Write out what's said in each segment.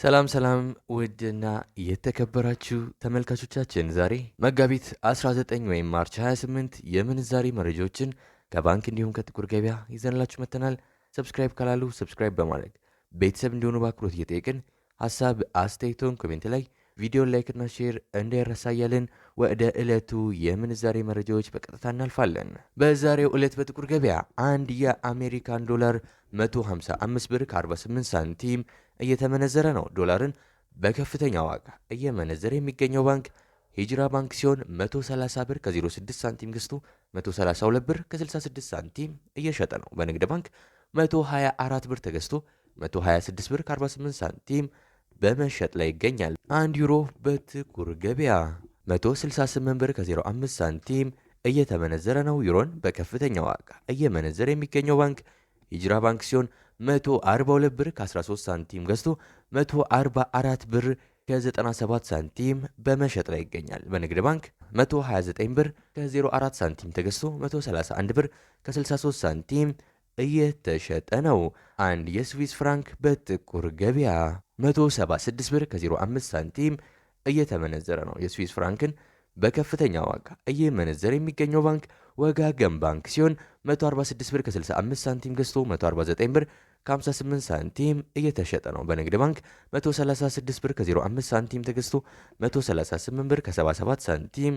ሰላም ሰላም ውድና የተከበራችሁ ተመልካቾቻችን ዛሬ መጋቢት 19 ወይም ማርች 28 የምንዛሬ መረጃዎችን ከባንክ እንዲሁም ከጥቁር ገበያ ይዘንላችሁ መጥተናል። ሰብስክራይብ ካላሉ ሰብስክራይብ በማድረግ ቤተሰብ እንዲሆኑ በአክብሮት እየጠየቅን ሀሳብ አስተያየቶን ኮሜንት ላይ ቪዲዮ ላይክና ሼር እንዳይረሳ እያልን ወደ ዕለቱ የምንዛሬ መረጃዎች በቀጥታ እናልፋለን። በዛሬው ዕለት በጥቁር ገበያ አንድ የአሜሪካን ዶላር 155 ብር ከ48 ሳንቲም እየተመነዘረ ነው። ዶላርን በከፍተኛ ዋጋ እየመነዘረ የሚገኘው ባንክ ሂጅራ ባንክ ሲሆን 130 ብር ከ06 ሳንቲም ገዝቶ 132 ብር ከ66 ሳንቲም እየሸጠ ነው። በንግድ ባንክ 124 ብር ተገዝቶ 126 ብር ከ48 ሳንቲም በመሸጥ ላይ ይገኛል። አንድ ዩሮ በጥቁር ገበያ 168 ብር ከ05 ሳንቲም እየተመነዘረ ነው። ዩሮን በከፍተኛ ዋጋ እየመነዘረ የሚገኘው ባንክ ሂጅራ ባንክ ሲሆን 142 ብር ከ13 ሳንቲም ገዝቶ 144 ብር ከ97 ሳንቲም በመሸጥ ላይ ይገኛል። በንግድ ባንክ 129 ብር ከ04 ሳንቲም ተገዝቶ 131 ብር ከ63 ሳንቲም እየተሸጠ ነው። አንድ የስዊስ ፍራንክ በጥቁር ገበያ 176 ብር ከ05 ሳንቲም እየተመነዘረ ነው። የስዊስ ፍራንክን በከፍተኛ ዋጋ እየመነዘረ የሚገኘው ባንክ ወጋገን ባንክ ሲሆን 146 ብር ከ65 ሳንቲም ገዝቶ 149 ብር ከ58 ሳንቲም እየተሸጠ ነው። በንግድ ባንክ 136 ብር ከ05 ሳንቲም ተገዝቶ 138 ብር ከ77 ሳንቲም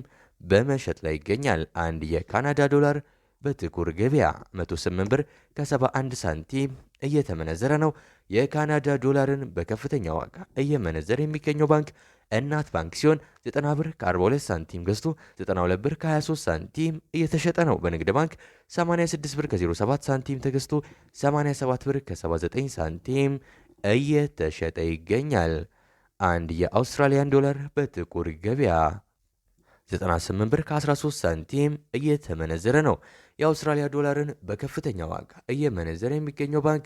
በመሸጥ ላይ ይገኛል። አንድ የካናዳ ዶላር በጥቁር ገበያ 108 ብር ከ71 ሳንቲም እየተመነዘረ ነው። የካናዳ ዶላርን በከፍተኛ ዋጋ እየመነዘረ የሚገኘው ባንክ እናት ባንክ ሲሆን 90 ብር ከ42 ሳንቲም ገዝቶ 92 ብር ከ23 ሳንቲም እየተሸጠ ነው። በንግድ ባንክ 86 ብር ከ07 ሳንቲም ተገዝቶ 87 ብር ከ79 ሳንቲም እየተሸጠ ይገኛል። አንድ የአውስትራሊያን ዶላር በጥቁር ገበያ 98 ብር ከ13 ሳንቲም እየተመነዘረ ነው። የአውስትራሊያ ዶላርን በከፍተኛ ዋጋ እየመነዘረ የሚገኘው ባንክ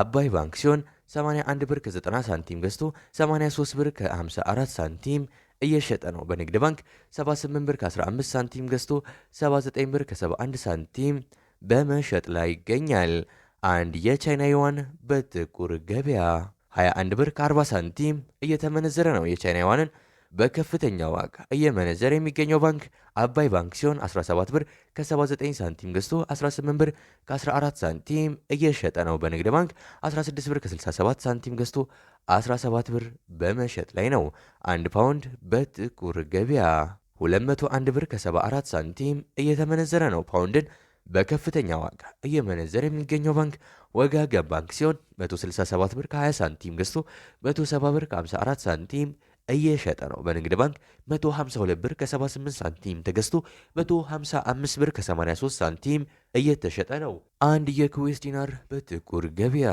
አባይ ባንክ ሲሆን 81 ብር ከ90 ሳንቲም ገዝቶ 83 ብር ከ54 ሳንቲም እየሸጠ ነው። በንግድ ባንክ 78 ብር ከ15 ሳንቲም ገዝቶ 79 ብር ከ71 ሳንቲም በመሸጥ ላይ ይገኛል። አንድ የቻይና ዩዋን በጥቁር ገበያ 21 ብር ከ40 ሳንቲም እየተመነዘረ ነው። የቻይና ዩዋንን በከፍተኛ ዋጋ እየመነዘረ የሚገኘው ባንክ አባይ ባንክ ሲሆን 17 ብር ከ79 ሳንቲም ገዝቶ 18 ብር ከ14 ሳንቲም እየሸጠ ነው። በንግድ ባንክ 16 ብር ከ67 ሳንቲም ገዝቶ 17 ብር በመሸጥ ላይ ነው። አንድ ፓውንድ በጥቁር ገበያ 201 ብር ከ74 ሳንቲም እየተመነዘረ ነው። ፓውንድን በከፍተኛ ዋጋ እየመነዘረ የሚገኘው ባንክ ወጋገን ባንክ ሲሆን 167 ብር ከ20 ሳንቲም ገዝቶ 170 ብር ከ54 ሳንቲም እየሸጠ ነው። በንግድ ባንክ 152 ብር ከ78 ሳንቲም ተገዝቶ 155 ብር ከ83 ሳንቲም እየተሸጠ ነው። አንድ የኩዌስ ዲናር በጥቁር ገበያ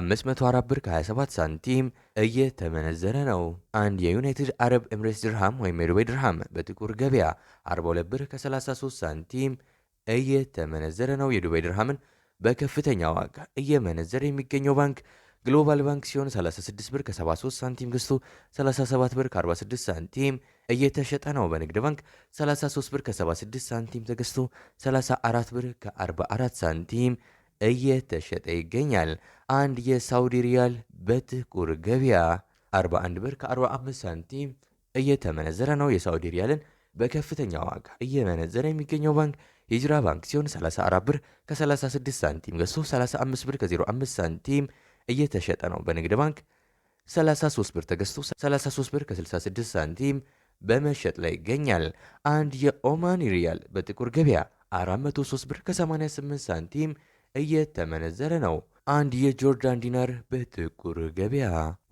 504 ብር ከ27 ሳንቲም እየተመነዘረ ነው። አንድ የዩናይትድ አረብ ኤምሬትስ ድርሃም ወይም የዱባይ ድርሃም በጥቁር ገበያ 42 ብር ከ33 ሳንቲም እየተመነዘረ ነው። የዱባይ ድርሃምን በከፍተኛ ዋጋ እየመነዘረ የሚገኘው ባንክ ግሎባል ባንክ ሲሆን 36 ብር ከ73 ሳንቲም ገዝቶ 37 ብር ከ46 ሳንቲም እየተሸጠ ነው። በንግድ ባንክ 33 ብር ከ76 ሳንቲም ተገዝቶ 34 ብር ከ44 ሳንቲም እየተሸጠ ይገኛል። አንድ የሳውዲ ሪያል በጥቁር ገበያ 41 ብር ከ45 ሳንቲም እየተመነዘረ ነው። የሳውዲ ሪያልን በከፍተኛ ዋጋ እየመነዘረ የሚገኘው ባንክ ሂጅራ ባንክ ሲሆን 34 ብር ከ36 ሳንቲም ገዝቶ 35 ብር ከ05 ሳንቲም እየተሸጠ ነው። በንግድ ባንክ 33 ብር ተገዝቶ 33 ብር ከ66 ሳንቲም በመሸጥ ላይ ይገኛል። አንድ የኦማን ሪያል በጥቁር ገበያ 403 ብር ከ88 ሳንቲም እየተመነዘረ ነው። አንድ የጆርዳን ዲናር በጥቁር ገበያ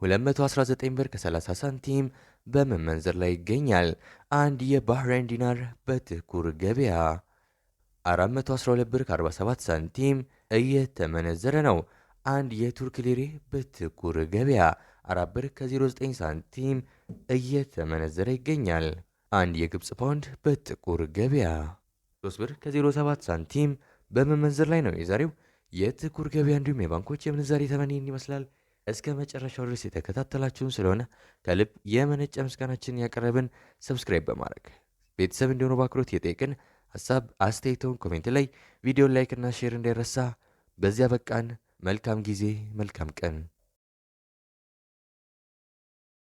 219 ብር ከ30 ሳንቲም በመመንዘር ላይ ይገኛል። አንድ የባህሬን ዲናር በጥቁር ገበያ 412 ብር ከ47 ሳንቲም እየተመነዘረ ነው። አንድ የቱርክ ሊሬ በጥቁር ገበያ 4 ብር ከ09 ሳንቲም እየተመነዘረ ይገኛል። አንድ የግብፅ ፓውንድ በጥቁር ገበያ 3 ብር ከ07 ሳንቲም በመመንዘር ላይ ነው። የዛሬው የጥቁር ገበያ እንዲሁም የባንኮች የምንዛሬ ተመን ይመስላል። እስከ መጨረሻው ድረስ የተከታተላችሁን ስለሆነ ከልብ የመነጨ ምስጋናችን ያቀረብን፣ ሰብስክራይብ በማድረግ ቤተሰብ እንዲሆኑ በአክብሮት የጠየቅን፣ ሀሳብ አስተያየተውን ኮሜንት ላይ ቪዲዮን ላይክና ሼር እንዳይረሳ። በዚያ በቃን። መልካም ጊዜ፣ መልካም ቀን